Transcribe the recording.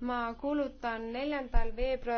ma kuulutan neljandal veebruaril välja